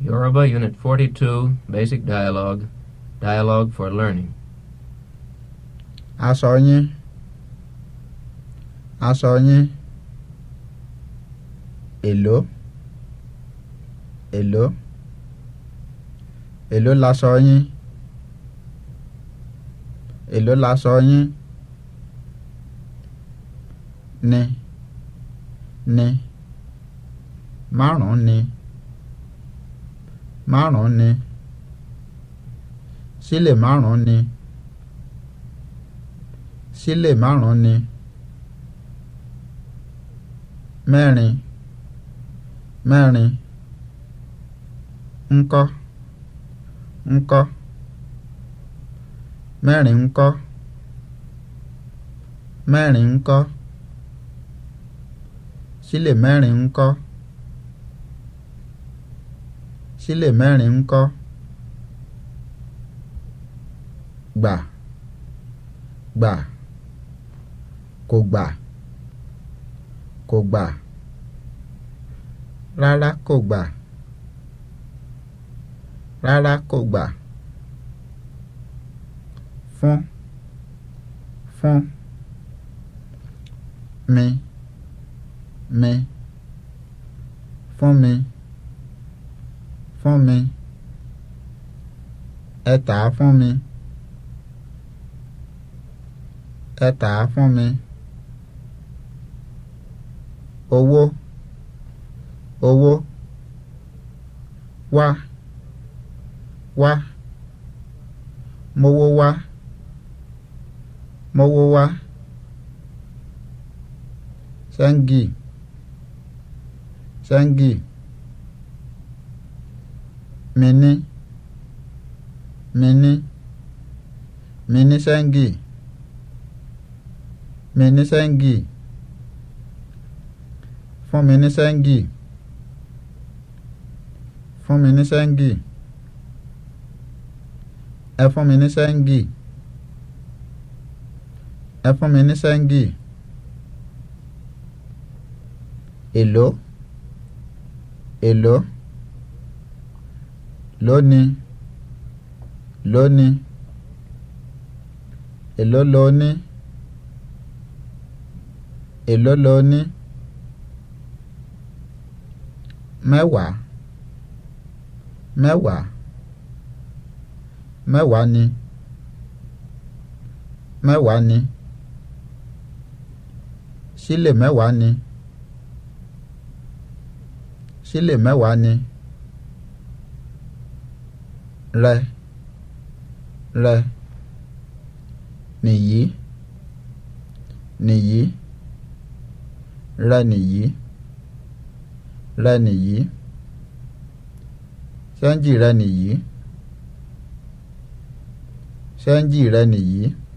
Yoruba Unit 42 Basic Dialogue Dialogue for Learning. Aṣọ yín. Aṣọ yín. Èló. Èló. Èló laṣọ yín. Èló laṣọ yín. Ní. Ní. Márùn-ún ni. ne márùn-ún ni sílè márùn-ún ni sílè márùn-ún ni mẹ́rin mẹ́rin ńkọ́ ńkọ́ mẹ́rin ńkọ́ mẹ́rin ńkọ́ sílè mẹ́rin ńkọ́ sílè mẹ́rin ńkọ́ gbà gbà kò gbà kò gbà rárá kò gbà rárá kò gbà fún fún mi mi fún mi fún mi ẹ tà á fún mi ẹ tà á fún mi owó owó wá wá mowó wá mowó wá sẹ́ńgì sẹ́ńgì. Mìíní mìíní mìínísẹ́ǹgì mìínísẹ́ǹgì fún mi ní sẹ́ǹgì fún mi ní sẹ́ǹgì ẹ fún mi ní sẹ́ǹgì ẹ fún mi ní sẹ́ǹgì èló lóni lóni èló lo ní èló lo ní mẹ́wàá mẹ́wàá mẹ́wàá ni mẹ́wàá ni sílè mẹ́wàá ni sílè mẹ́wàá ni. Sílè mẹ́wàá ni rẹ rẹ nìyí nìyí rẹ nìyí rẹ nìyí ṣẹ́ńjì rẹ nìyí ṣẹ́ńjì rẹ nìyí.